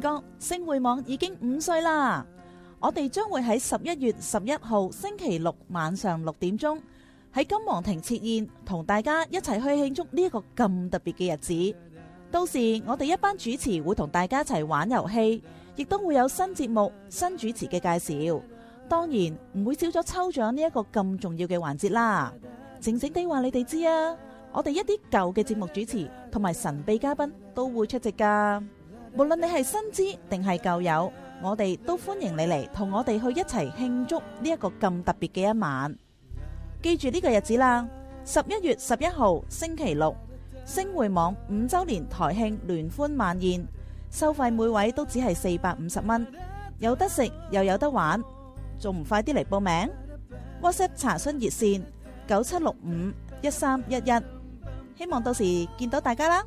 歌星匯網已經五歲啦！我哋將會喺十一月十一號星期六晚上六點鐘喺金皇庭設宴，同大家一齊去慶祝呢一個咁特別嘅日子。到時我哋一班主持會同大家一齊玩遊戲，亦都會有新節目、新主持嘅介紹。當然唔會少咗抽獎呢一個咁重要嘅環節啦。靜靜地話你哋知啊，我哋一啲舊嘅節目主持同埋神秘嘉賓都會出席噶。無論你係新知定係舊友，我哋都歡迎你嚟同我哋去一齊慶祝呢一個咁特別嘅一晚。記住呢個日子啦，十一月十一號星期六，星匯網五周年台慶聯歡晚宴，收費每位都只係四百五十蚊，有得食又有得玩，仲唔快啲嚟報名？WhatsApp 查詢熱線九七六五一三一一，希望到時見到大家啦。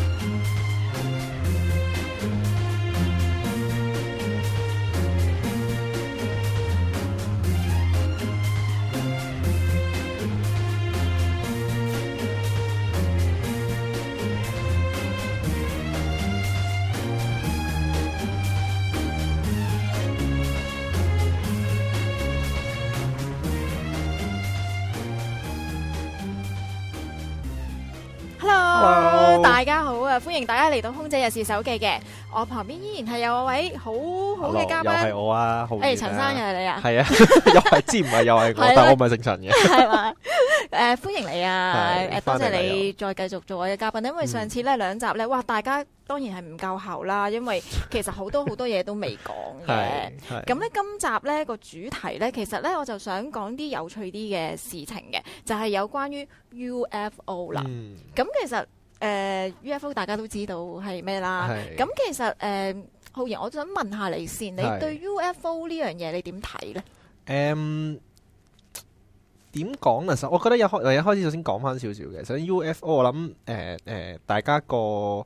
歡迎大家嚟到空姐逸事手記嘅，我旁邊依然係有位好好嘅嘉賓，Hello, 又係我啊，誒陳、啊哎、生又係你啊，係 啊，又係知唔係又係， 但係我唔係姓陳嘅，係 嘛，誒、呃、歡迎你啊，多謝你再繼續做我嘅嘉賓，因為上次呢兩、嗯、集咧，哇，大家當然係唔夠喉啦，因為其實好多好多嘢都未講嘅，咁咧今集咧個主題咧，其實咧我就想講啲有趣啲嘅事情嘅，就係、是、有關於 UFO 啦，咁、嗯、其實。誒、uh, UFO 大家都知道係咩啦，咁是其實誒、uh, 浩然，我想問下你先，是你對 UFO 呢樣嘢你點睇呢？誒點講咧？我覺得一開，一開始首先講翻少少嘅，首先 UFO 我諗誒誒，大家個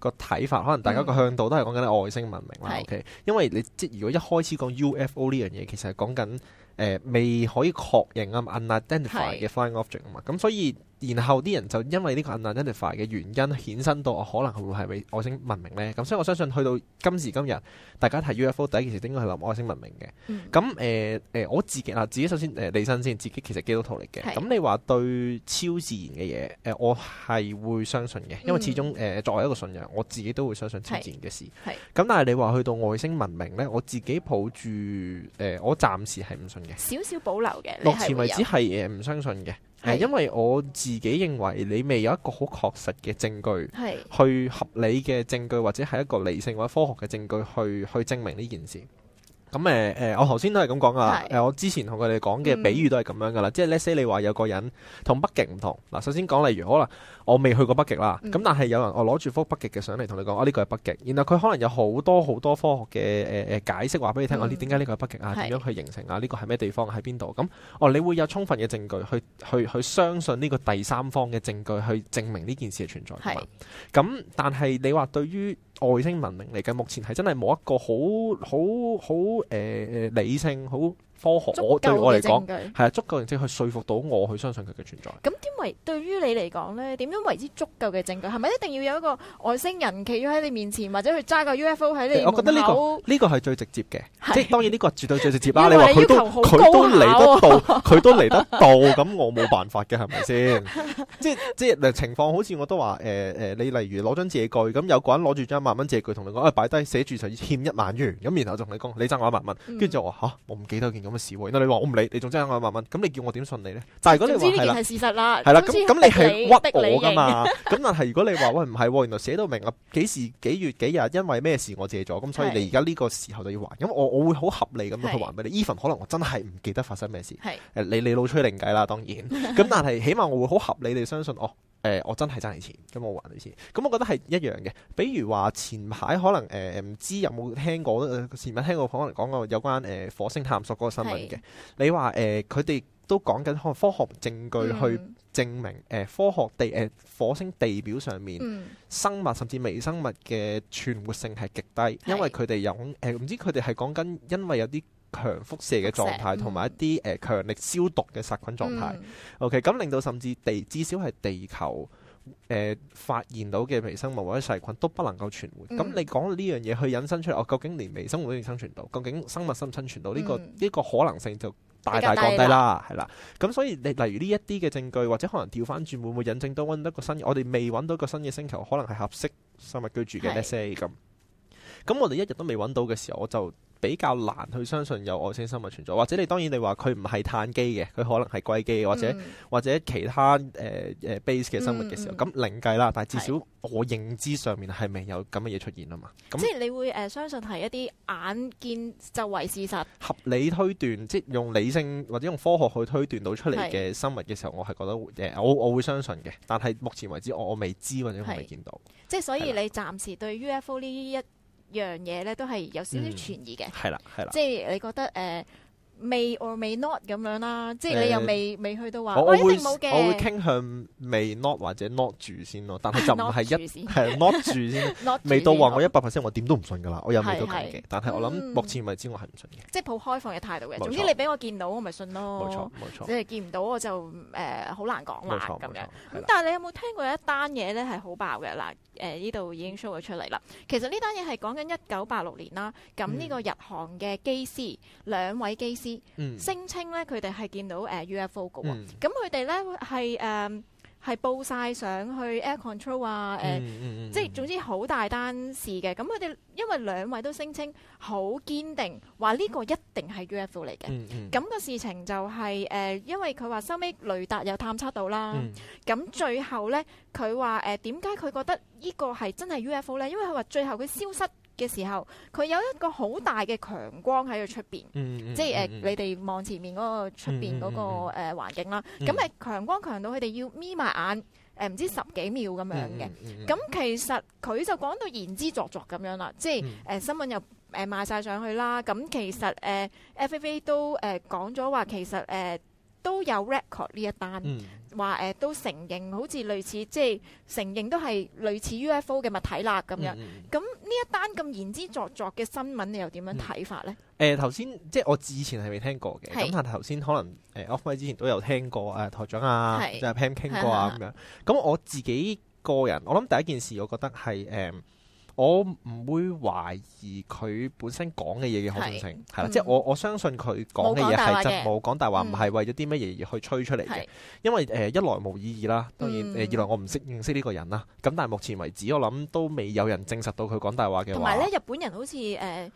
個睇法，可能大家個向度都係講緊外星文明啦。嗯、o、okay? K，因為你即如果一開始講 UFO 呢樣嘢，其實係講緊誒未可以確認啊 unidentified 嘅 flying Object 啊嘛，咁所以。然後啲人就因為呢個 unidentified 嘅原因衍生到，我可能係會係咪外星文明呢？咁所以我相信去到今時今日，大家睇 UFO 第一件事應該係諗外星文明嘅。咁誒誒，我自己啦、呃，自己首先誒利申先，自己其實基督徒嚟嘅。咁是你話對超自然嘅嘢，誒、呃、我係會相信嘅，因為始終誒、呃、作為一個信仰，我自己都會相信超自然嘅事。咁但係你話去到外星文明呢，我自己抱住誒、呃，我暫時係唔信嘅。少，少少保留嘅，目前為止係誒唔相信嘅。因為我自己認為你未有一個好確實嘅證，證據，去合理嘅證據，或者係一個理性或者科學嘅證據去去證明呢件事。咁誒誒，我頭先都係咁講啊，啦是、呃。我之前同佢哋講嘅比喻都係咁樣噶啦，嗯、即係 let's say 你話有個人北極同北極唔同嗱，首先講例如可能。好我未去過北極啦，咁但係有人我攞住幅北極嘅相嚟同你講，啊呢個係北極，然後佢可能有好多好多科學嘅誒誒解釋話俾你聽，我點解呢個係北極啊？點是樣去形成啊？呢個係咩地方？喺邊度？咁、嗯、哦，你會有充分嘅證據去去去相信呢個第三方嘅證據去證明呢件事嘅存在，咁是、嗯、但係你話對於外星文明嚟嘅，目前係真係冇一個好好好誒誒理性好。科學我對我嚟講係啊，足夠證據去説服到我去相信佢嘅存在。咁點為對於你嚟講咧？點樣為之足夠嘅證據？係咪一定要有一個外星人企咗喺你面前，或者去揸個 UFO 喺你？我覺得呢、呢個呢、呢個係最直接嘅，是即係當然呢個絕對最直接啦。 你話佢都嚟得到，佢 都嚟得到，咁 我冇辦法嘅係咪先？即係即係情況好似我都話誒誒，你例如攞張借據咁，有個人攞住張一萬蚊借據同你講啊，擺低寫住就欠一萬元，咁然後同你講你爭我一百蚊，跟住、嗯、就話嚇、啊、我唔記得咗件咁嘅事會，嗱你話我唔理，你仲爭我一萬蚊，咁你叫我點信你呢？但係如果你話係事實啦，係啦，咁咁的你係屈我噶嘛？咁理 但係如果你話喂唔係喎，原來寫到明啊，幾時幾月幾日，因為咩事我借咗，咁所以你而家呢個時候就要還。咁我我會好合理咁去還俾你。Even 可能我真係唔記得發生咩事，係誒是你你老吹另計啦，當然。咁但係起碼我會好合理地相信哦。誒、呃，我真係爭你錢，咁我還你錢。咁我覺得係一樣嘅。比如話前排可能誒唔、呃、知有冇聽過前排聽過可能講過有關誒、呃、火星探索嗰個新聞嘅。是你話誒佢哋都講緊科學證據去證明誒、嗯呃、科學地誒、呃、火星地表上面生物、嗯、甚至微生物嘅存活性係極低，是因為佢哋有誒唔、呃、知佢哋係講緊因為有啲。強輻射嘅狀態，同埋蛇一啲誒、呃、強力消毒嘅殺菌狀態。嗯、OK，咁令到甚至地至少係地球誒、呃、發現到嘅微生物或者細菌都不能夠存活。咁、嗯、你講呢樣嘢去引申出嚟，我、啊、究竟連微生物都未生存到，究竟生物生唔生存到呢、嗯呢個呢、呢個可能性就大大降低啦，係啦。咁所以你例如呢一啲嘅證據，或者可能調翻轉會唔會引證到揾到個新，我哋未揾到個新嘅星球，可能係合適生物居住嘅咩先咁？的對咁我哋一日都未揾到嘅時候，我就比較難去相信有外星生物存在。或者你當然你話佢唔係碳基嘅，佢可能係硅基，嗯、或者或者其他誒誒 base 嘅生物嘅時候，咁另、嗯嗯、計啦。但係至少我認知上面係未有咁嘅嘢出現啊嘛。咁即係你會誒、呃、相信係一啲眼見就為事實，合理推斷，即係用理性或者用科學去推斷到出嚟嘅生物嘅時候，是我係覺得誒、呃、我我會相信嘅。但係目前為止我，我我未知或者我未見到。即係是所以你暫時對 UFO 呢一樣嘢咧都係有少少存疑嘅。係啦係啦，即係你覺得誒。 未，may or may not 咁樣啦，即係你又未未去到話我一定冇嘅，我會傾向 may not 或者 not 住先咯，但係就唔係一係 not 住先，not 住先，未到話我一百 percent 我點都唔信㗎啦，我有未到睇嘅，但係我諗目前唔係知我係唔信嘅，即係抱開放嘅態度嘅，總之你俾我見到我咪信咯，冇錯冇錯，即係見唔到我就誒好難講啦咁樣，咁但係你有冇聽過一單嘢咧係好爆嘅？嗱誒呢度已經 show 咗出嚟啦，其實呢單嘢係講緊一九八六年啦，咁呢個日韓嘅機師兩位機師。聲稱咧，佢哋係見到誒 UFO 嘅喎，咁佢哋咧係誒係報晒上去 Air Control 啊、呃，誒、嗯，嗯、即係總之好大單事嘅。咁佢哋因為兩位都聲稱好堅定，話呢個一定係 UFO 嚟嘅。咁、嗯嗯、個事情就係、是、誒、呃，因為佢話收尾雷達有探測到啦。咁、嗯、最後咧，佢話誒，點解佢覺得個呢個係真係 UFO 咧？因為佢話最後佢消失。嘅時候，佢有一個好大嘅強光喺佢出邊，嗯嗯、即係誒、呃、你哋望前面嗰、嗰個出邊嗰個誒環境啦。咁誒強光強到佢哋要眯埋眼，誒、呃、唔知十幾秒咁樣嘅。咁、嗯嗯嗯、其實佢就講到言之鑿鑿咁樣啦，即係誒、嗯呃、新聞又誒、呃、賣晒上去啦。咁其實誒 FIV 都誒講咗話，其實誒、呃都，呃呃、都有 record 呢一單。話誒、呃、都承認，好似類似即係承認都係類似 UFO 嘅物體啦咁樣。咁呢、嗯嗯、一單咁言之鑿鑿嘅新聞，你又點樣睇法咧？誒頭先即係我之前係未聽過嘅，咁是但係頭先可能誒 o f f i c e 之前都有聽過誒、呃、台長啊，是就係 Pam 傾過啊咁的樣。咁我自己個人，我諗第一件事，我覺得係誒。嗯我唔會懷疑佢本身講嘅嘢嘅可信性，係啦、嗯，即係我我相信佢講嘅嘢係真，冇講大話，唔係為咗啲乜嘢而去吹出嚟嘅。是因為誒、呃、一來冇意義啦，當然誒、嗯、二來我唔識認識呢個人啦。咁但係目前為止，我諗都未有人證實到佢講大話嘅話。同埋咧，日本人好似誒。呃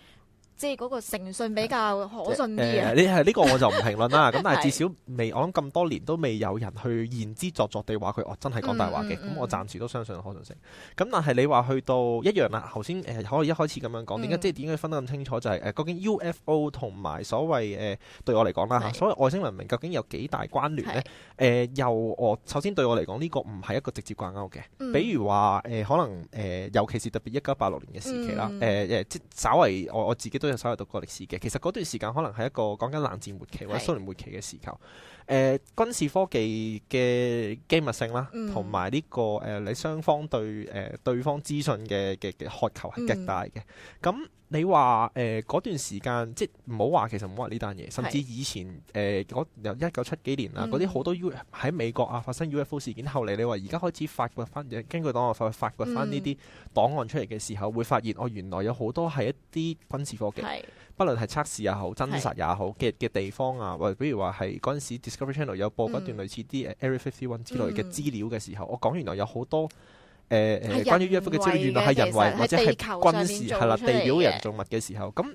即係嗰個誠信比較可信嘅、呃，啊！呢個我就唔評論啦。咁 但係至少未，我諗咁多年都未有人去言之鑿鑿地話佢哦，真係講大話嘅。咁、嗯、我暫時都相信可信性。咁但係你話去到一樣啦。頭先誒可以一開始咁樣講，點解即係點解分得咁清楚？就係、是呃、究竟 UFO 同埋所謂誒、呃、對我嚟講啦嚇，是所謂外星文明究竟有幾大關聯呢？誒又是、呃、我首先對我嚟講，呢、呢個唔係一個直接掛鈎嘅。嗯、比如話誒，可能誒，尤其是特別一九八六年嘅時期啦。誒、嗯呃、即係稍為我我自己都。就稍為讀過歷史嘅，其實嗰段時間可能係一個講緊冷戰末期或者蘇聯末期嘅時候。誒、呃、軍事科技嘅機密性啦，同埋呢個誒、呃、你雙方對誒、呃、對方資訊嘅嘅嘅渴求係極大嘅。咁、嗯、你話誒嗰段時間，即係唔好話其實唔好話呢單嘢，是甚至以前誒、呃、由一九七幾年啊，嗰啲好多 U 喺美國啊發生 UFO 事件，後嚟你話而家開始發掘翻根據檔案發發掘翻呢啲檔案出嚟嘅時候，嗯、會發現我、哦、原來有好多係一啲軍事科技。是不論係測試也好，真實也好嘅嘅是地方啊，或者比如話係嗰陣時 Discovery Channel 有播嗰段類似啲 Area Fifty One 之類嘅資料嘅時候，嗯、我講原來有好多誒誒、呃、關於 UFO 嘅資料，原來係人為實或者係軍事係啦、啊，地表人造物嘅時候，咁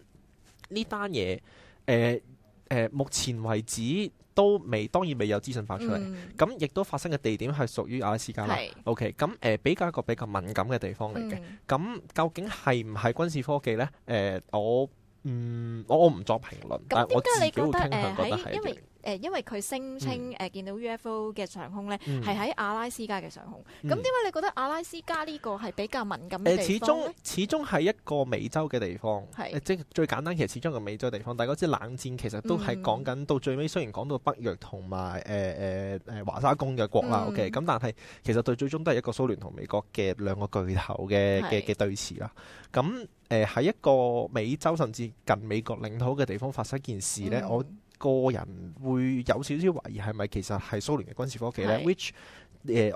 呢單嘢誒誒，目前為止都未，當然未有資訊發出嚟。咁亦、嗯、都發生嘅地點係屬於亞利斯加啦。是 OK，咁誒、呃、比較一個比較敏感嘅地方嚟嘅。咁、嗯、究竟係唔係軍事科技咧？誒、呃、我。嗯，我我唔作評論，但係什我自己會傾向覺得係。誒，因為佢聲稱誒見到 UFO 嘅上空咧，係喺阿拉斯加嘅上空。咁點解你覺得阿拉斯加呢個係比較敏感嘅地方咧？始終始終係一個美洲嘅地方，即係最簡單其實始終係美洲地方。大家知冷戰其實都係講緊到最尾，雖然講到北約同埋誒誒誒華沙公嘅國啦。OK，咁但係其實對最終都係一個蘇聯同美國嘅兩個巨頭嘅嘅嘅對峙啦。咁誒喺一個美洲甚至近美國領土嘅地方發生一件事咧，我個人會有少少懷疑係咪其實係蘇聯嘅軍事科技呢，which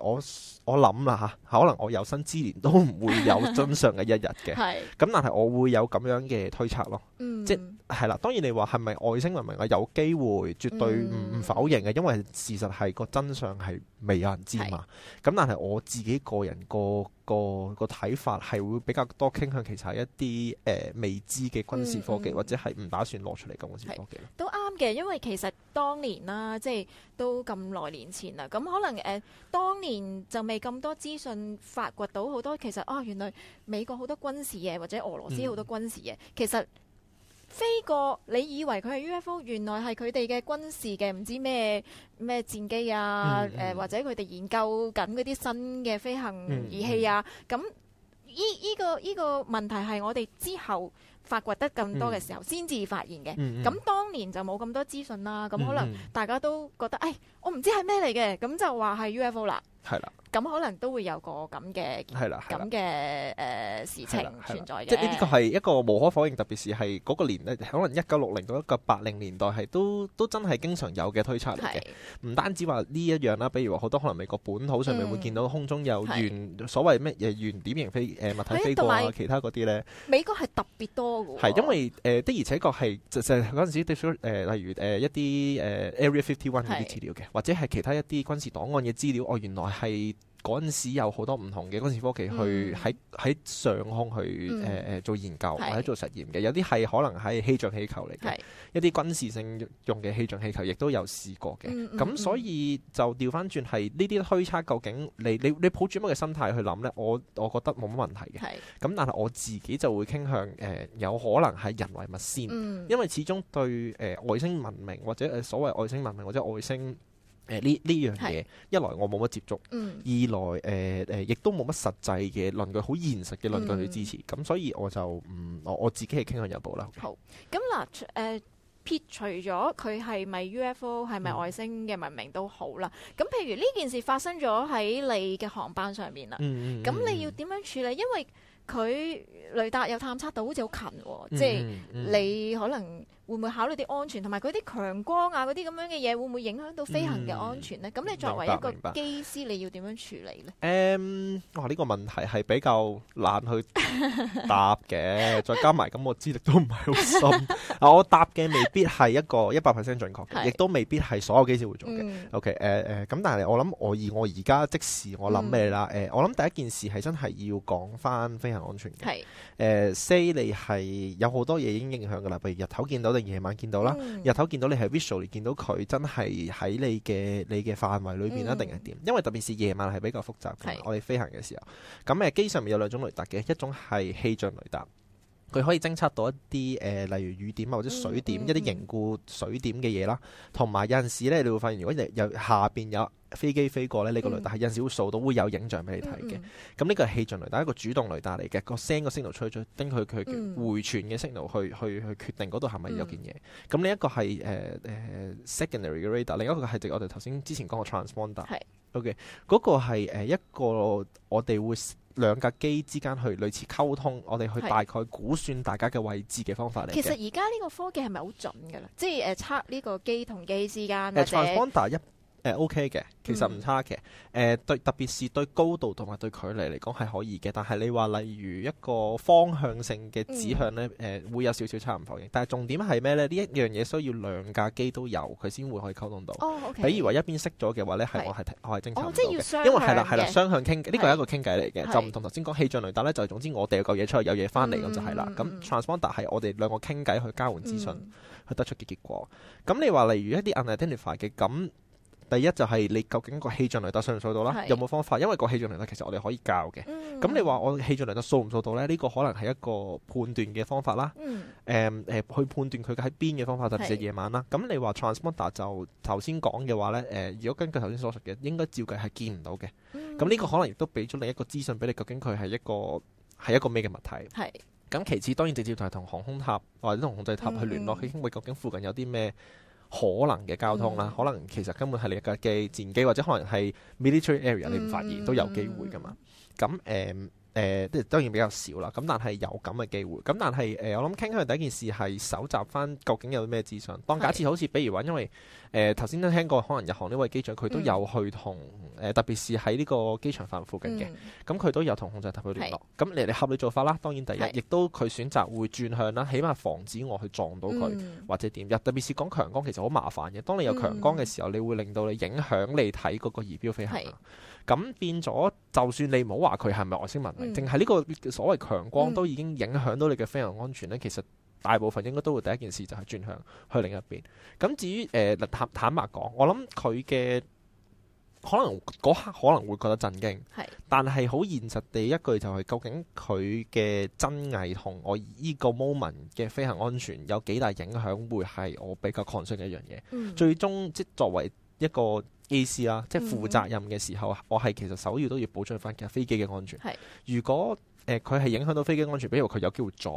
我我諗啦嚇，可能我有生之年都唔會有真相嘅一日嘅。咁 是但係我會有咁樣嘅推測咯，嗯、即係啦，當然你話係咪外星文明啊？有機會絕對唔唔否認嘅，因為事實係個真相係未有人知嘛。咁是但係我自己個人個個個睇法係會比較多傾向其實係一啲誒、呃、未知嘅軍事科技、嗯嗯、或者係唔打算攞出嚟嘅軍事科技。都啱嘅，因為其實當年啦，即係都咁耐年前啦，咁可能誒、呃、當年就未咁多資訊發掘到好多，其實啊、哦、原來美國好多軍事嘢或者俄羅斯好多軍事嘢，嗯、其實。飛過，你以為佢係 UFO，原來係佢哋嘅軍事嘅唔知咩咩戰機啊？誒、mm hmm. 呃、或者佢哋研究緊嗰啲新嘅飛行儀器啊？咁依依個依個問題係我哋之後發掘得咁多嘅時候先至發現嘅。咁、mm hmm. 當年就冇咁多資訊啦。咁可能大家都覺得誒、mm hmm. 哎，我唔知係咩嚟嘅，咁就話係 UFO 啦。係啦。咁可能都會有個咁嘅咁嘅誒事情存在嘅。即係呢個係一個無可否認，特別是係嗰個年代，可能一九六零到一個八零年代係都都真係經常有嘅推測嚟嘅。唔單止話呢一樣啦，比如話好多可能美國本土上面會見到空中有圓所謂咩嘢圓點型飛物體飛過啊，其他嗰啲咧。美國係特別多㗎。係因為誒的而且確係就就係嗰陣時例如誒一啲誒 Area Fifty One 嗰啲資料嘅，或者係其他一啲軍事檔案嘅資料，哦，原來係。嗰陣時有好多唔同嘅軍事科技去喺喺、嗯、上空去誒誒、呃、做研究、嗯、或者做實驗嘅，有啲係可能係氣象氣球嚟嘅，嗯、一啲軍事性用嘅氣象氣球亦都有試過嘅。咁、嗯、所以就調返轉係呢啲推測，究竟你你你，你抱住乜嘅心態去諗呢？我我覺得冇乜問題嘅。咁、嗯、但係我自己就會傾向誒、呃，有可能係人為物先，嗯、因為始終對誒、呃、外星文明或者所謂外星文明或者外星。誒呢呢樣嘢，一來我冇乜接觸，二來誒誒，亦都冇乜實際嘅論據，好現實嘅論據去支持，咁所以我就嗯，我我自己係傾向有報啦。好，咁嗱，誒撇除咗佢係咪 UFO，係咪外星嘅文明都好啦。咁譬如呢件事發生咗喺你嘅航班上面啦，咁你要點樣處理？因為佢雷達有探測到，好似好近喎，即係你可能。會唔會考慮啲安全，同埋嗰啲強光啊，嗰啲咁樣嘅嘢，會唔會影響到飛行嘅安全呢？咁、嗯、你作為一個機師，白你要點樣處理呢？誒，um, 哇！呢、呢個問題係比較難去答嘅， 再加埋咁，我資歷都唔係好深。 我答嘅未必係一個一百 percent 準確，是亦都未必係所有機師會做嘅。嗯、OK，誒、呃、誒，咁、呃、但係我諗，我以我而家即時我諗咩啦？誒、嗯呃，我諗第一件事係真係要講翻飛行安全嘅。係誒 s, 是 S、呃、你係有好多嘢已經影響嘅啦，譬如日頭見到。夜晚見到啦，嗯、日頭見到你係 visually 見到佢，真係喺你嘅你嘅範圍裏邊啦，定係點？因為特別是夜晚係比較複雜嘅，是我哋飛行嘅時候，咁誒機上面有兩種雷達嘅，一種係氣象雷達，佢可以偵測到一啲誒、呃，例如雨點啊，或者水點、嗯、一啲凝固水點嘅嘢啦，同埋、嗯嗯、有陣時咧，你會發現如果誒有下邊有。飛機飛過咧，呢、呢個雷達係有陣時會掃到，會有影像俾你睇嘅。咁呢、嗯、個係氣象雷達，一個主動雷達嚟嘅，個 send 個 signal 出去，根據佢回傳嘅 signal 去去去決定嗰度係咪有件嘢。咁呢一個係誒誒 secondary 嘅 radar，另一個係即係我哋頭先之前講嘅 transponder 是。OK 嗰個係一個我哋會兩架機之間去類似溝通，我哋去大概估算大家嘅位置嘅方法嚟。其實而家呢個科技係咪好準噶啦？即係誒、呃、測呢個機同機之間一。誒 OK 嘅，其實唔差嘅。誒對，特別是對高度同埋對距離嚟講係可以嘅。但係你話例如一個方向性嘅指向咧，誒會有少少差唔多嘅。但係重點係咩咧？呢一樣嘢需要兩架機都有佢先會可以溝通到。你以 k 一邊識咗嘅話咧，係我係我係偵察到嘅。因為係啦係啦，雙向傾嘅，呢個係一個傾偈嚟嘅，就唔同頭先講氣象雷達咧。就總之我哋有嘢出去，有嘢翻嚟咁就係啦。咁 transponder 係我哋兩個傾偈去交換資訊，去得出嘅結果。咁你話例如一啲 unidentified 嘅咁。第一就係你究竟個氣象雷達掃唔掃到啦，啊？是有冇方法？因為個氣象雷達其實我哋可以教嘅。咁、嗯、你話我氣象雷達掃唔掃到咧？呢、這個可能係一個判斷嘅方法啦。誒誒、嗯嗯呃，去判斷佢喺邊嘅方法，特別係夜晚啦。咁是你話 transponder 就頭先講嘅話咧，誒、呃，如果根據頭先所述嘅，應該照計係見唔到嘅。咁呢、嗯、個可能亦都俾咗你一個資訊俾你，究竟佢係一個係一個咩嘅物體。係是。咁其次，當然直接就係同航空塔或者同控制塔去聯絡，去傾問究竟附近有啲咩。可能嘅交通啦，可能其實根本係你一架機戰機，或者可能係 military area，你唔發現都有機會㗎嘛。咁誒、嗯。誒，即、呃、當然比較少啦。咁但係有咁嘅機會。咁但係誒、呃，我諗傾向第一件事係搜集翻究竟有啲咩資訊。是當假設好似，比如話，因為誒頭先都聽過，可能日航呢位機長佢都有去同誒、嗯呃，特別是喺呢個機場範圍附近嘅。咁佢、嗯、都有同控制塔去聯絡。咁是你哋合理做法啦。當然，第一亦是都佢選擇會轉向啦，起碼防止我去撞到佢、嗯、或者點。又特別是講強光，其實好麻煩嘅。當你有強光嘅時候，你會令到你影響你睇嗰個儀表飛行。是咁變咗，就算你唔好話佢係咪外星文明，淨係呢個所謂強光都已經影響到你嘅飛行安全呢、嗯、其實大部分應該都會第一件事就係轉向去另一邊。咁至於誒坦、呃、坦白講，我諗佢嘅可能嗰刻可能會覺得震驚，是但係好現實地一句就係，究竟佢嘅真偽同我呢個 moment 嘅飛行安全有幾大影響，會係我比較關心嘅一樣嘢。嗯、最終即作為，一個機師啦，即係負責任嘅時候啊，嗯、我係其實首要都要保障翻架飛機嘅安全。係是，如果誒佢係影響到飛機安全，比如佢有機會撞，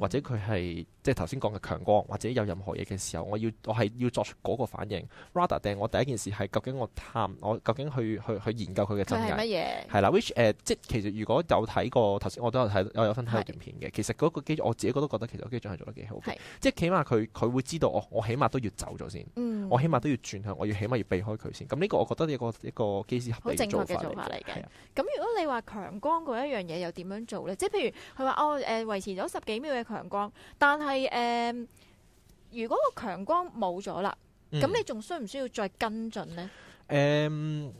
或者佢係即係頭先講嘅強光，或者有任何嘢嘅時候，我要我係要作出嗰個反應，rather 定我第一件事係究竟我探我究竟去去去研究佢嘅真係乜嘢係啦？Which 誒、uh, 即其實如果有睇過頭先，我都有睇我有分享一段片嘅。是其實嗰個機我自己個都覺得其實機長係做得幾好是即係起碼佢佢會知道我我起碼都要走咗先，嗯、我起碼都要轉向，我要起碼要避開佢先。咁呢個我覺得一個一個機師合理嘅做法嚟嘅。咁的如果你話強光嗰一樣嘢又點樣？做咧，即係譬如佢話哦，誒、呃、維持咗十幾秒嘅強光，但係誒、呃，如果個強光冇咗啦，咁、嗯、你仲需唔需要再跟進咧？誒。嗯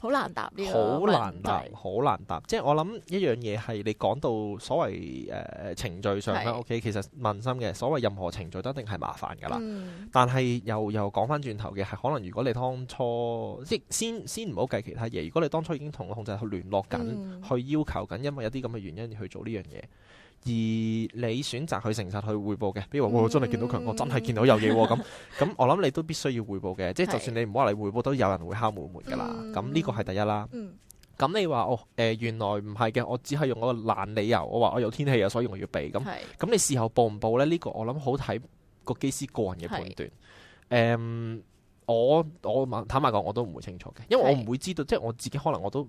好 難答呢個問題，好難答，好難答。即係我諗一樣嘢係你講到所謂誒、呃、程序上咧是，OK，其實問心嘅。所謂任何程序都一定係麻煩㗎啦。嗯、但係又又講翻轉頭嘅係，可能如果你當初即，先先唔好計其他嘢。如果你當初已經同個控制去聯絡緊，嗯、去要求緊，因為有啲咁嘅原因去做呢樣嘢。而你選擇去誠實去彙報嘅，比如話我真係見到佢，我真係見到，到有嘢咁，咁 我諗你都必須要彙報嘅。是即係就算你唔好話你彙報，都有人會敲門門㗎啦。咁呢、嗯、個係第一啦。咁、嗯、你話哦，誒、呃、原來唔係嘅，我只係用個爛理由，我話我有天氣啊，所以我要避。咁咁是你事後報唔報咧？呢、呢個我諗好睇個機師個人嘅判斷。誒是、um,，我我坦白講，我都唔會清楚嘅，因為我唔會知道，是是即係我自己可能我都。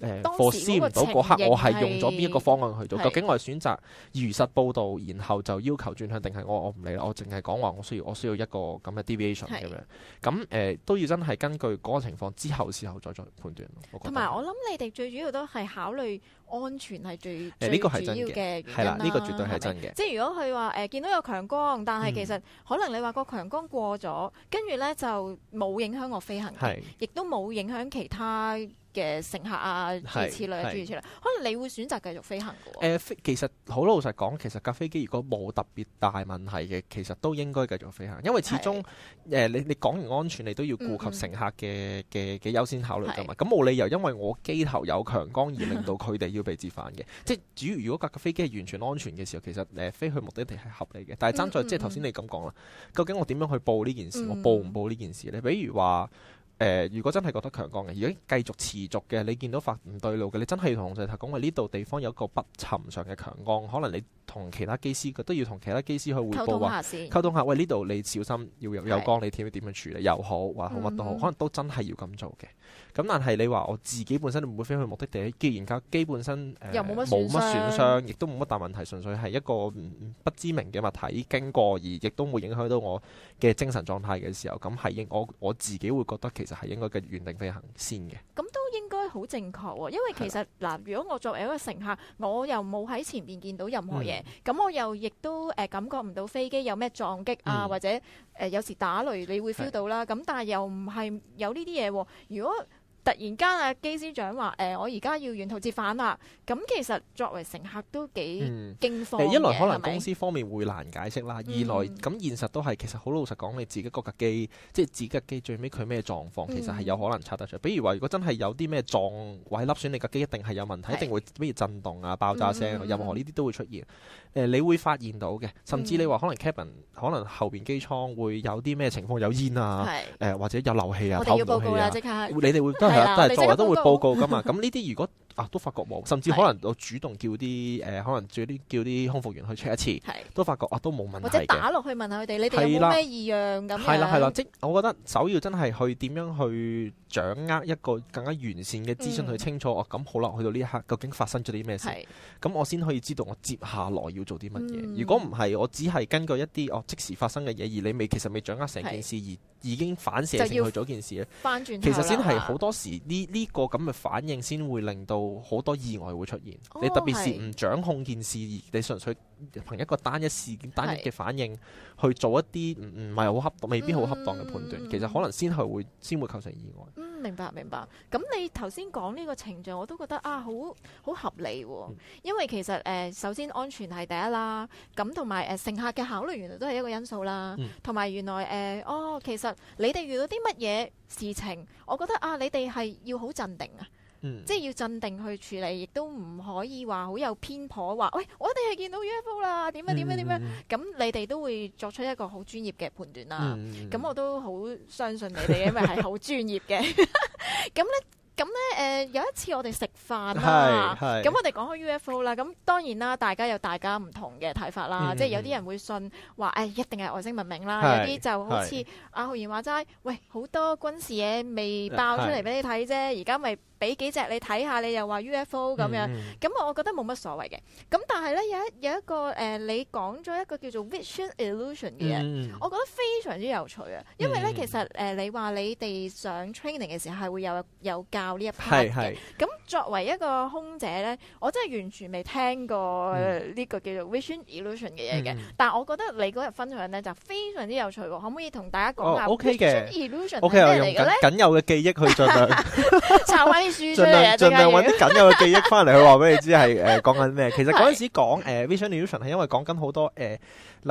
誒，當我飛唔到嗰刻，我係用咗邊一個方案去做？是究竟我係選擇如實報道，然後就要求轉向，定係我我唔理啦，我淨係講話我需要我需要一個咁嘅 deviation 咁是樣？咁、呃、誒都要真係根據嗰個情況之後事後再做判斷。同埋我諗你哋最主要都係考慮安全係最誒呢、呃呢個係主要嘅原因啦。即係如果佢話誒見到有強光，但係其實、嗯、可能你話個強光過咗，跟住咧就冇影響我飛行亦都冇影響其他嘅乘客啊，諸如此類，諸如此類，可能你會選擇繼續飛行喎。誒飛，其實好老實講，其實架飛機如果冇特別大問題嘅，其實都應該繼續飛行，因為始終你你講完安全，你都要顧及乘客嘅嘅嘅優先考慮㗎嘛。咁冇理由因為我機頭有強光而令到佢哋要被折返嘅。即係主要至於，如果架架飛機係完全安全嘅時候，其實誒飛去目的地係合理嘅。但係爭在即係頭先你咁講啦，究竟我點樣去報呢件事？我報唔報呢件事咧？比如話。誒、呃，如果真係覺得強光嘅，如果繼續持續嘅，你見到發唔對路嘅，你真係要同紅石塔講話，呢度地方有一個不尋常嘅強光，可能你同其他機師嘅都要同其他機師去匯報啊，溝通下，喂，呢度你小心要有有光，你點點樣處理是的 又好話好乜都好，嗯、哼 可能都真係要咁做嘅。咁但係你話我自己本身都唔會飛去目的地，既然架機本身誒又冇乜損傷，亦都冇乜大問題，純粹係一個不知名嘅物體經過而亦都會影響到我嘅精神狀態嘅時候，咁係應我我自己會覺得其實係應該嘅原定飛行先嘅。咁都應該好正確，因為其實嗱，如果我作為一個乘客，我又冇喺前面見到任何嘢，咁我又亦都誒感覺唔到飛機有咩撞擊啊，或者誒有時打雷你會 feel 到啦，咁但係又唔係有呢啲嘢，如果突然間啊，機師長話：誒、呃，我而家要沿途折返啦。咁其實作為乘客都幾驚慌、嗯、一來可能公司方面會難解釋啦，嗯、二來咁現實都係其實好老實講，你自己個架機即係自己架機最尾佢咩狀況，其實係有可能測得出。嗯、比如話如果真係有啲咩撞毀、粒損，你架機一定係有問題，是一定會咩震動啊、爆炸聲、嗯、任何呢啲都會出現。誒、呃，你會發現到嘅，甚至你話可能 cabin 可能後邊機艙會有啲咩情況，有煙啊，誒是、呃、或者有漏氣啊、跑唔到氣啊，即刻，你哋會都係啦，但係作為都會報告噶嘛，咁呢啲如果。 啊，都發覺冇，甚至可能我主動叫啲誒、呃，可能叫啲叫啲空服員去 check 一次，是都發覺啊，都冇問題或者打落去問下佢哋，你哋有冇咩異樣咁樣？係啦，係啦，即我覺得首要真係去點樣去掌握一個更加完善嘅資訊、嗯、去清楚哦。咁、啊、好啦，去到呢一刻，究竟發生咗啲咩事？咁是我先可以知道我接下來要做啲乜嘢。如果唔係，我只係根據一啲哦、啊、即時發生嘅嘢，而你未其實未掌握成件事，是而已經反射性去做件事咧，翻轉，其實先係好多時呢呢、呢個咁嘅反應先會令到。好多意外會出現，哦、你特別是唔掌控件事，是你純粹憑一個單一事件，是單一嘅反應去做一啲唔唔係好恰，嗯、未必好恰當嘅判斷，嗯、其實可能先係會先會構成意外。嗯，明白明白。咁你頭先講呢個程序，我都覺得啊，好好合理，啊。嗯、因為其實誒、呃，首先安全係第一啦，咁同埋誒乘客嘅考慮原來都係一個因素啦，同埋，嗯、原來誒、呃，哦，其實你哋遇到啲乜嘢事情，我覺得啊，你哋係要好鎮定啊。即係要鎮定去處理，亦都唔可以話好有偏頗，話喂我哋係見到 UFO 啦，點樣點樣點樣咁，嗯、你哋都會作出一個好專業嘅判斷啦。咁、嗯、我都好相信你哋，因為係好專業嘅。咁咧， 咁咧，誒、呃、有一次我哋食飯啦，咁我哋講開 UFO 啦，咁當然啦，大家有大家唔同嘅睇法啦，嗯、即係有啲人會信話誒、哎、一定係外星文明啦，是有啲就好似阿浩然話齋，喂好多軍事嘢未爆出嚟俾你睇啫，而家咪。俾幾隻你睇下，你又話 UFO 咁樣，咁我覺得冇乜所謂嘅。咁但係咧有一有一個誒，你講咗一個叫做 Vision Illusion 嘅嘢，我覺得非常之有趣啊！因為咧其實誒，你話你哋上 training 嘅時候係會有有教呢一 part 嘅。咁作為一個空姐咧，我真係完全未聽過呢個叫做 Vision Illusion 嘅嘢嘅。但係我覺得你嗰日分享咧就非常之有趣喎，可唔可以同大家講下 Vision Illusion 係咩嚟嘅咧？緊有嘅記憶去著重。盡、啊、量盡量揾啲緊要嘅記憶翻嚟，佢話俾你知係誒講緊咩？其實嗰陣時講 vision illusion 係因為講緊好多誒，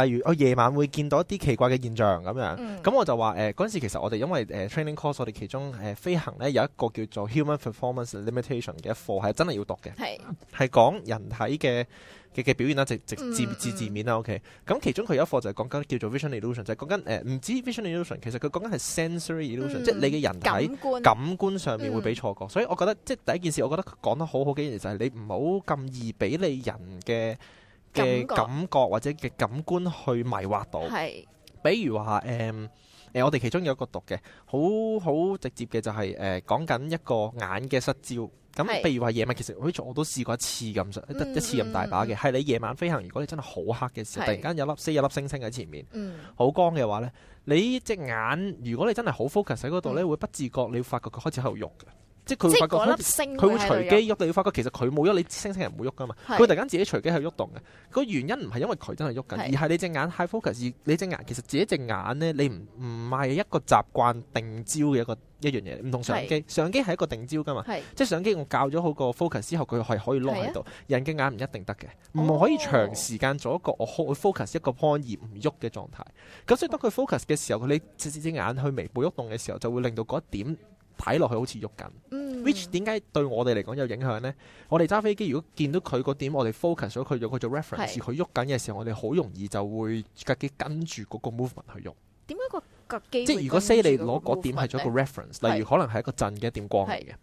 例如我、呃、夜晚會見到一啲奇怪嘅現象咁樣。咁、嗯、我就話誒嗰陣時其實我哋因為誒、呃、training course 我哋其中誒、呃、飛行咧有一個叫做 human performance limitation 嘅一課係真係要讀嘅，係講 人體嘅。嘅嘅表現啦，直直字字面啦、嗯、OK。咁其中佢有一課就係講緊叫做 vision illusion，就係講緊誒、呃、唔止 vision illusion，其實佢講緊係 sensory illusion、嗯、即係你嘅人體感官，感官上面會俾錯覺。所以我覺得即係第一件事，我覺得講得好好嘅嘢就係、是、你唔好咁易俾你人嘅嘅感覺或者嘅感官去迷惑到。係、嗯。比如話誒。嗯誒、呃，我哋其中有一個讀嘅，好好直接嘅就係誒講緊一個眼嘅失焦。咁譬如話夜晚，其實好似我都試過一次咁，嗯、一次咁大把嘅。係、嗯、你夜晚飛行，如果你真係好黑嘅時候，嗯、突然間有粒星、有粒星星喺前面，好、嗯、光嘅話呢，你隻眼如果你真係好 focus 喺嗰度呢，嗯、會不自覺，你會發覺佢開始喺度喐。即係佢發覺會，佢會隨機喐，你要發覺其實佢冇喐，你星星人冇喐噶嘛。佢是突然間自己隨機去喐動嘅，個原因唔係因為佢真係喐緊，是而係你隻眼太 focus，你隻眼其實自己隻眼咧，你唔唔係一個習慣定焦嘅一個一樣嘢，唔同相機。是相機係一個定焦噶嘛，是即係相機我較咗好個 focus 之後，佢係可以攞喺度。啊、人嘅眼唔一定得嘅，唔可以長時間做一個、哦、focus 一個 point 而唔喐嘅狀態。咁所以當佢 focus 嘅時候，你隻隻眼去微步喐動嘅時候，就會令到嗰一點，睇落去好似喐緊，嗯，which 點解對我哋嚟講有影響呢？我哋揸飛機如果見到佢個點，我哋 focus 咗佢，用佢做 reference，佢喐緊是嘅時候，我哋好容易就會架機跟住嗰個 movement 去喐。點解個即係如果 say 你攞嗰點係做個 reference，呢例如可能係一個震嘅一點光嘅。是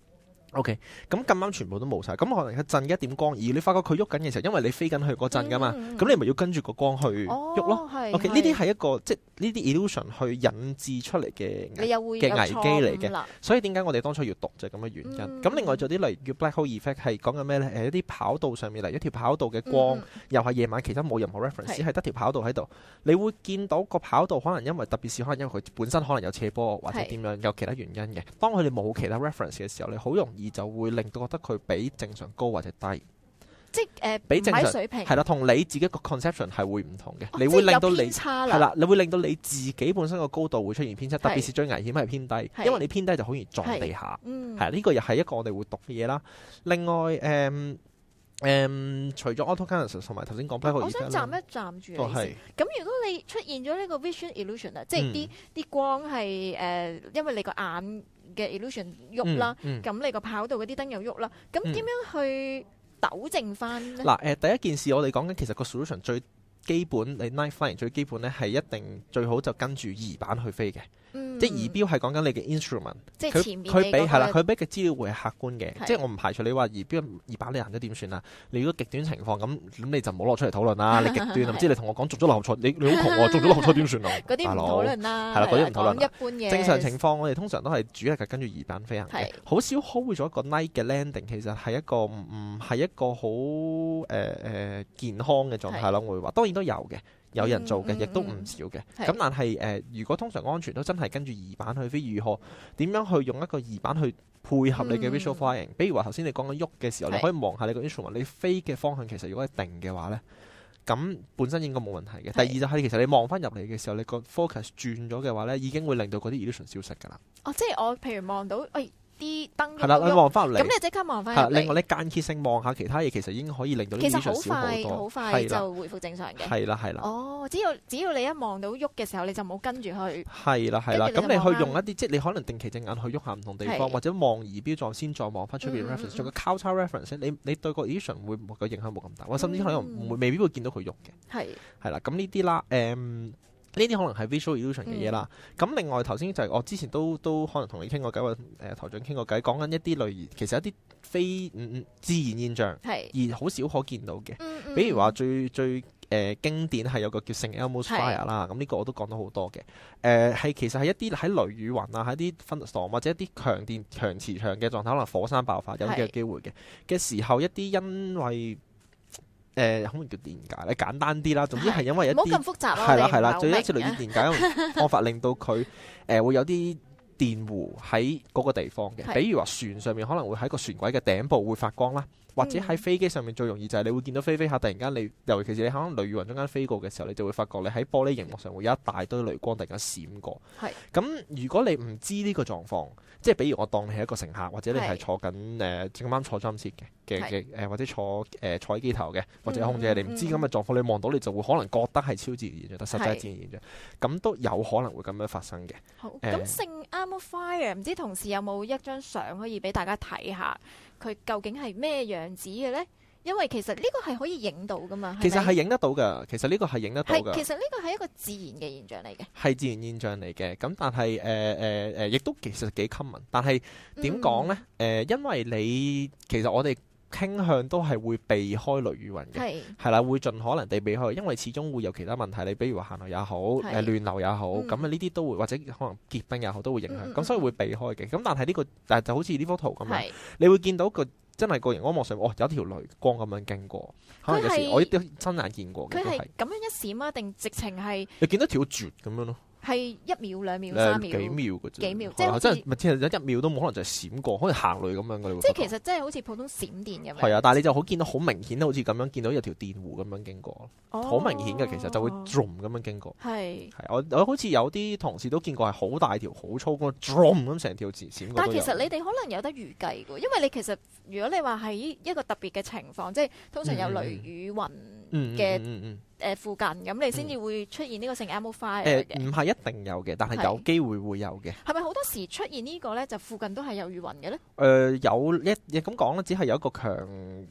O.K. 咁咁啱全部都冇晒，咁可能一震一點光，而你發覺佢喐緊嘅時候，因為你飛緊佢嗰陣噶嘛，咁你咪要跟住個光去喐咯。O.K. 呢啲係一個即係呢啲 illusion 去引致出嚟嘅嘅危機嚟嘅，所以點解我哋當初要讀就係咁嘅原因。咁另外做啲嚟，例如 black hole effect 係講緊咩咧？誒一啲跑道上面嚟一條跑道嘅光，又係夜晚，其他冇任何 reference，係得條跑道喺度，你會見到個跑道可能因為特別是可能因為佢本身可能有斜坡或者點樣有其他原因嘅。當佢哋冇其他 reference 嘅時候，你好容易。而就會令到覺得佢比正常高或者低，即係誒比正常水平係啦，同你自己個 conception 係會唔同嘅，你會令到偏差啦。係啦，你會令到你自己本身個高度會出現偏差，特別是最危險係偏低，因為你偏低就好容易撞地下。嗯，呢個又係一個我哋會讀嘅嘢啦。另外誒誒，除咗 autocancellation 同埋頭先講，我想站一站住。係咁，如果你出現咗呢個 vision illusion 啊，即係啲啲光係誒，因為你個眼。嘅 illusion 喐啦，咁、嗯嗯、你個跑道嗰啲燈又喐啦，咁點樣去糾正翻呢？嗱、嗯，誒第一件事我哋講緊，其實個 solution 最基本，你 night flying 最基本咧係一定最好就跟住儀板去飛嘅。即係儀表係講緊你嘅 instrument，佢佢俾係啦，佢俾嘅資料會係客觀嘅。即係我唔排除你話儀表儀板你行咗點算啦？你如果極端情況咁咁，你就唔好攞出嚟討論啦。你極端唔知你同我講中咗六合彩，你你好窮喎，中咗六合彩點算啊？嗰啲唔討論啦，係啦，嗰啲唔討論。一般嘅正常情況，我哋通常都係主力係跟住儀板飛行嘅，好少 hold 咗一個 night 嘅 landing，其實係一個唔係一個好誒誒健康嘅狀態咯。我會話，當然都有嘅。有人做嘅，亦都唔少嘅。咁是但係誒、呃，如果通常安全都真係跟住移板去飛，如何點樣去用一個移板去配合你嘅 visual flying？嗯、比如話頭先你講緊喐嘅時候，是你可以望下你個 instrument，你飛嘅方向其實如果係定嘅話呢，咁本身應該冇問題嘅。是第二就係其實你望翻入嚟嘅時候，你個 focus 轉咗嘅話呢，已經會令到嗰啲 illusion 消失㗎啦。哦，即係我譬如望到，誒。啲燈。係啦，望翻嚟。咁你即刻望翻落嚟。另外咧，間歇性望下其他嘢，其實已經可以令到啲 vision 少好多。其實好快，好快就恢復正常嘅。係啦係啦。哦，只要只要你一望到喐嘅時候，你就冇跟住去。係啦係啦，咁你去用一啲，即係你可能定期隻眼去喐下唔同地方，或者望儀表狀先，再望翻出邊 reference。做個交叉 reference 咧，你你對個 vision 會個影響冇咁大，我甚至可能會，未必會見到佢喐嘅。係。係啦，咁呢啲啦，誒。呢啲可能係 visual illusion 嘅嘢啦。咁、嗯、另外頭先就係、是、我之前都都可能同你傾過偈，誒台、呃、長傾過偈，講緊一啲類似，其實一啲非、嗯、自然現象，而好少可見到嘅。嗯嗯、比如話最最誒、呃、經典係有個叫聖 Elmo's fire 啦。咁呢是個我都講到好多嘅。誒、呃、係其實係一啲喺雷雨雲啊，喺啲分層或者一啲強電強磁場嘅狀態，可能火山爆發有嘅機會嘅嘅是時候，一啲因為。誒、呃，可能叫電解咧，簡單啲啦。總之係因為一啲複雜，係啦係啦，再一次類似電解，方法令到佢誒、 呃、會有啲。電弧喺嗰個地方嘅，是比如話船上面可能會喺個船軌嘅頂部會發光啦，嗯、或者喺飛機上面最容易就係你會見到飛飛客。突然間你，尤其是你喺雷雨雲中間飛過嘅時候，你就會發覺你喺玻璃熒幕上會有一大堆雷光突然間閃過。咁是如果你唔知呢個狀況，即係比如我當你係一個乘客，或者你係坐緊誒、呃、正啱坐 jump seat 嘅嘅或者坐誒、呃、坐喺機頭嘅或者空姐你唔知咁嘅狀況，嗯嗯你望到你就會可能覺得係超自然現象，但實際自然現象，咁是都有可能會咁樣發生嘅。唔知同事有冇一張相可以俾大家睇下，佢究竟係咩樣子嘅呢？因為其實呢個係可以影到噶嘛。其實係影得到噶，其實呢個係影得到噶。係其實呢個係一個自然嘅現象嚟嘅。係自然現象嚟嘅，咁但係誒誒誒，亦都其實幾 common。但係點講呢？誒，因為你其實我哋。傾向都係會避開雷雨雲嘅，係啦的，會盡可能地避開，因為始終會有其他問題。你比如話行路也好，誒的、呃、亂流也好，咁啊呢啲都會或者可能結冰也好都會影響，咁、嗯嗯嗯、所以會避開嘅。咁但係呢、這個，但係就好似呢幅圖咁啊，的你會見到個真係個熒光幕上，哦，有條雷光咁樣經過，可能有時是我啲親眼見過。佢係咁樣一閃啊，定直情係？你見到條絕咁樣咯。係一秒、兩秒、三秒，幾秒嘅啫，幾秒，即係實即係，咪即係一秒都冇可能，就係閃過，可能行雷咁樣嘅。即係其實即係好似普通閃電咁、嗯。係啊，但係你就好見到好明顯好，好似咁樣見到有條電弧咁樣經過，好、哦、明顯嘅其實就會 drum 咁樣經過。係、哦、的我好似有啲同事都見過係好大條、好粗嗰個 drum 咁成條電閃過。但係其實你哋可能有得預計嘅，因為你其實如果你話係一個特別嘅情況，即係通常有雷雨雲。雲雲嘅，嗯嗯，誒附近咁，你先至會出現呢個聖 Amo fire 嘅。唔係、呃呃、一定有嘅，但係有機會會有嘅。係咪好多時出現呢、這個咧？就附近都係有雨雲嘅咧？誒、呃、有一嘢咁講咧，只係有一個強誒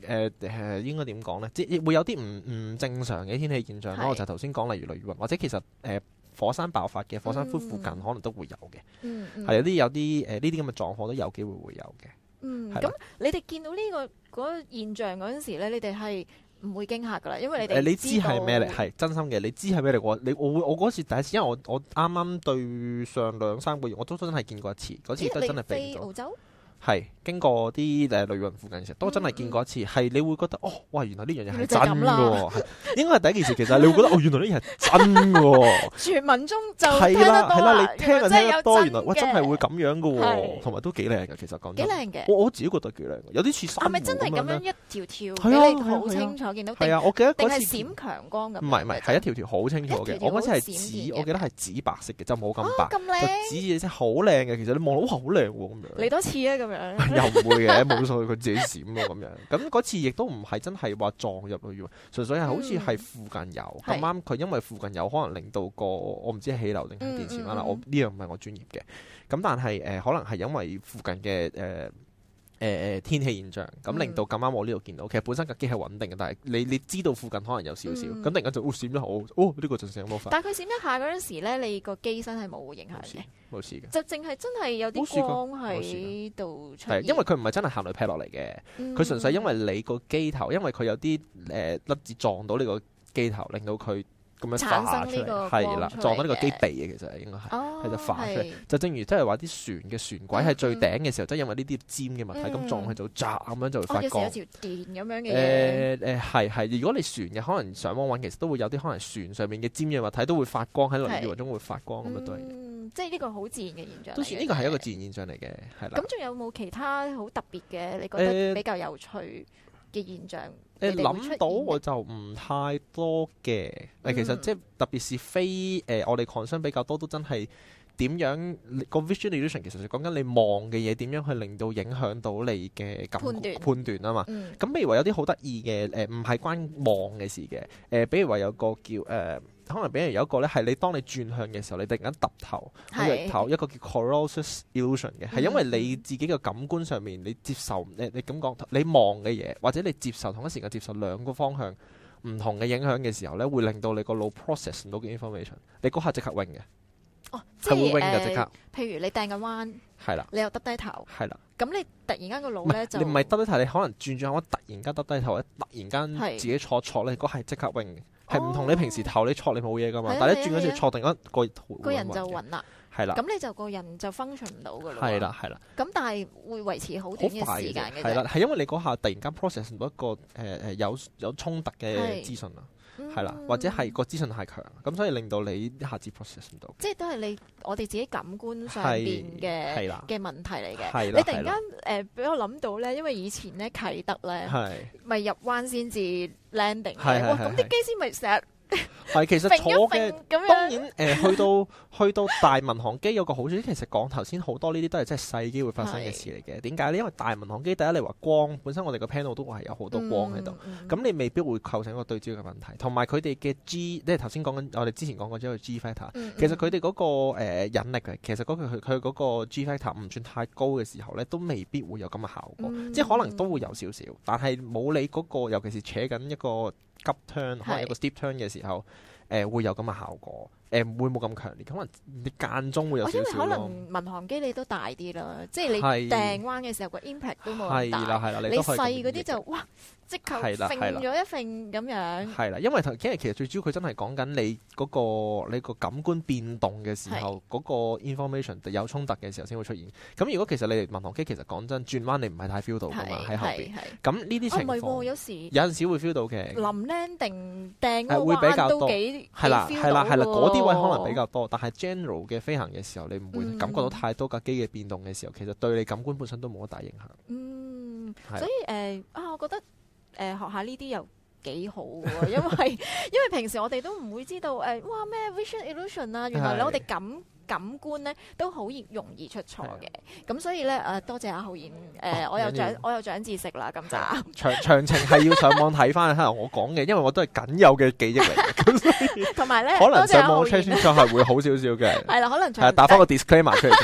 誒、呃，應該點講咧？即會有啲唔唔正常嘅天氣現象咯。是就頭先講例如雷雨雲，或者其實誒、呃、火山爆發嘅火山灰附近、嗯，可能都會有嘅、嗯。嗯，係有啲有啲誒呢啲咁嘅狀況都有機會會有嘅。嗯，咁的、嗯、你哋見到呢、這個嗰現象嗰陣時咧，時你哋係？唔會驚嚇㗎喇，因為你哋、那個、你知係咩嚟？係真心嘅，你知係咩嚟？我你我我嗰時第一次，因為我我啱啱對上兩三個月，我都真係見過一次，嗰次都真係飛咗。係經過啲誒雷雲附近嘅時候，都真係見過一次。係你會覺得哦，哇，原來呢樣嘢係真嘅。應該係第一件事，其實你會覺得哦，原來呢樣嘢係真嘅。傳聞中就聽得多。係啦，係啦，你聽嘅聽得多，原來哇，真係會咁樣嘅。同埋都幾靚嘅，其實講。幾靚嘅。我自己覺得幾靚。有啲似山。係咪真係咁樣一條條？係啊係啊，好清楚見到。係啊，我記得。定係閃強光咁。唔係唔係，係一條條好清楚嘅。我嗰次係紫，我記得係紫白色嘅，就冇咁白。紫嘢真係好靚嘅，其實你望到哇好靚咁樣。嚟多次啊。 又唔會嘅，冇所謂，佢自己閃咯咁樣。咁嗰次亦都唔係真係話撞入去，純粹係好似係附近有咁啱佢，嗯、因為附近有可能令到個我唔知係氣流定係電磁啊啦，我呢樣唔係我專業嘅。咁但係誒、呃，可能係因為附近嘅誒。呃誒誒、呃、天氣現象，咁令到咁啱我呢度見到，嗯、其實本身架機係穩定嘅，但係你你知道附近可能有少少，咁、嗯、突然間就閃咗好，哦呢、哦這個就成咗魔法。但係佢閃咗下嗰陣時咧，你個機身係冇影響嘅，冇事嘅，事就淨係真係有啲光喺度出現。因為佢唔係真係行雷劈落嚟嘅，佢、嗯、純粹因為你個機頭，因為佢有啲誒粒子撞到你個機頭，令到佢。咁樣炸出嚟，係啦，撞到呢個機臂嘅其實應該係，係就出射，就正如即係話啲船嘅船軌係最頂嘅時候，即係因為呢啲尖嘅物體咁撞喺度，炸咁樣就會發光，好似有電咁樣嘅嘢。誒誒，係係，如果你船嘅可能上網揾，其實都會有啲可能船上面嘅尖嘅物體都會發光喺度，以為中會發光咁樣都即係呢個好自然嘅現象嚟。呢個係一個自然現象嚟嘅，係啦。咁仲有冇其他好特別嘅？你覺得比較有趣？嘅現象，呃、你諗到我就唔太多嘅。誒、嗯，其實即係特別是非誒、呃，我哋 concern 比較多都真係點樣、個 vision，vision vision, 其實講緊你望嘅嘢點樣去令到影響到你嘅感覺判斷啊嘛。咁譬、嗯、如話有啲好得意嘅誒，唔、呃、係關望嘅事嘅誒，譬、呃、如話有個叫誒。呃可能俾人有一個咧，係你當你轉向嘅時候，你突然間耷頭，耷頭是一個叫 Coriolis Illusion 嘅，係因為你自己嘅感官上面，你接受誒，你咁講，你望嘅嘢，或者你接受同一時間接受兩個方向唔同嘅影響嘅時候咧，會令到你個腦 process 唔到啲 information，你嗰下即刻揈嘅。哦，即係會揈嘅即刻、呃。譬如你掟個彎，係啦的，你又耷低低頭，係啦的，咁你突然間個腦咧是就你唔係耷低頭，你可能轉轉彎，突然間耷低頭，或者突然間自己錯錯咧，嗰係即刻揈。係唔同你平時投你戳你冇嘢噶嘛。啊、但係你轉嗰時戳，個、突然、突然、突然間、個人就暈啦。係啦，咁你就個人就 function 唔到噶啦。係啦，係啦。咁但係會維持好短嘅時間嘅啫。係啦，係因為你嗰下突然間 process 唔到一個誒誒有有衝突嘅資訊啦，係啦，或者係個資訊太強，咁所以令到你一下子 process 唔到。即係都係你我哋自己感官上面嘅嘅問題嚟嘅。你突然間誒俾我諗到咧，因為以前咧啟德咧，咪入灣先至 landing，哇！咁啲機師咪成日。係，其實坐嘅當然，誒、呃、去到 去到大民航機有個好處，其實講頭先好多呢啲都係真係細機會發生嘅事嚟嘅。點解呢？因為大民航機第一你話光，本身我哋個 panel 都係有好多光喺度，咁、嗯嗯、你未必會構成一個對焦嘅問題。同埋佢哋嘅 G，即係頭先講緊我哋之前講過咗個 G factor，、嗯、其實佢哋嗰個、呃、引力嘅，其實嗰、那、佢、個、個 G factor 唔算太高嘅時候咧，都未必會有咁嘅效果。嗯嗯、即係可能都會有少少，但係冇你嗰個，尤其是扯緊一個急 turn 可能一個 steep turn 嘅時候。誒會有咁嘅效果。誒會冇咁強烈，可能你間中會有少少。我因為可能民航機你都大啲啦，即係你掟彎嘅時候個 impact 都冇咁大。係啦係啦，你細嗰啲就哇即刻揈咗一揈咁樣。係啦，因為頭先其實最主要佢真係講緊你嗰個你個感官變動嘅時候，嗰個 information 有衝突嘅時候先會出現。咁如果其實你哋民航機其實講真轉彎你唔係太 feel 到㗎嘛，喺後邊。咁呢啲情況有時有陣時會 feel 到嘅。臨 landing 掟個彎都幾會比較多，係啦，係啦，係啦，嗰啲。機會可能比較多，但係 general 嘅飛行嘅時候，你唔會感覺到太多架機嘅變動嘅時候，其實對你感官本身都冇乜大影響。嗯，的所以誒、呃、啊，我覺得誒、呃、學下呢啲又幾好， 因為因為平時我哋都唔會知道誒、呃，哇咩 vision illusion 啊，原來我哋咁。感官咧都好易容易出錯嘅，咁所以咧誒多謝阿浩然誒，我有長我又長知識啦，咁就長長情係要上網睇翻，可能我講嘅，因為我都係僅有嘅記憶嚟嘅，咁所以，同埋咧可能上網 check 係會好少少嘅，係啦，可能打翻個 disclaimer 出嚟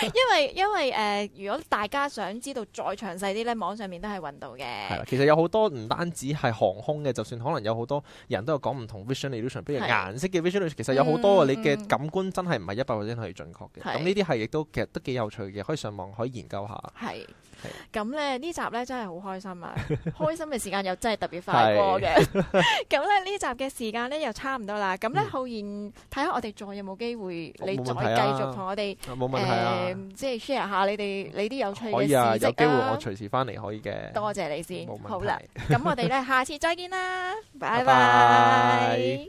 先，因為因為誒，如果大家想知道再詳細啲咧，網上面都係揾到嘅，係啦，其實有好多唔單止係航空嘅，就算可能有好多人都有講唔同 vision illusion，比如顏色嘅 vision illusion 其實有好多你嘅感官真，係唔係一百 percent 可以準確嘅？咁呢啲係亦都其實都幾有趣嘅，可以上網可以研究下。係，咁咧呢集咧真係好開心啊！開心嘅時間又真係特別快過嘅。咁咧呢集嘅時間咧又差唔多啦。咁咧浩然，睇下我哋再有冇機會你再繼續同我哋誒，即係 share 下你哋你啲有趣嘅事。可以啊，有機會我隨時翻嚟可以嘅。多謝你先，好啦。咁我哋咧下次再見啦，拜拜。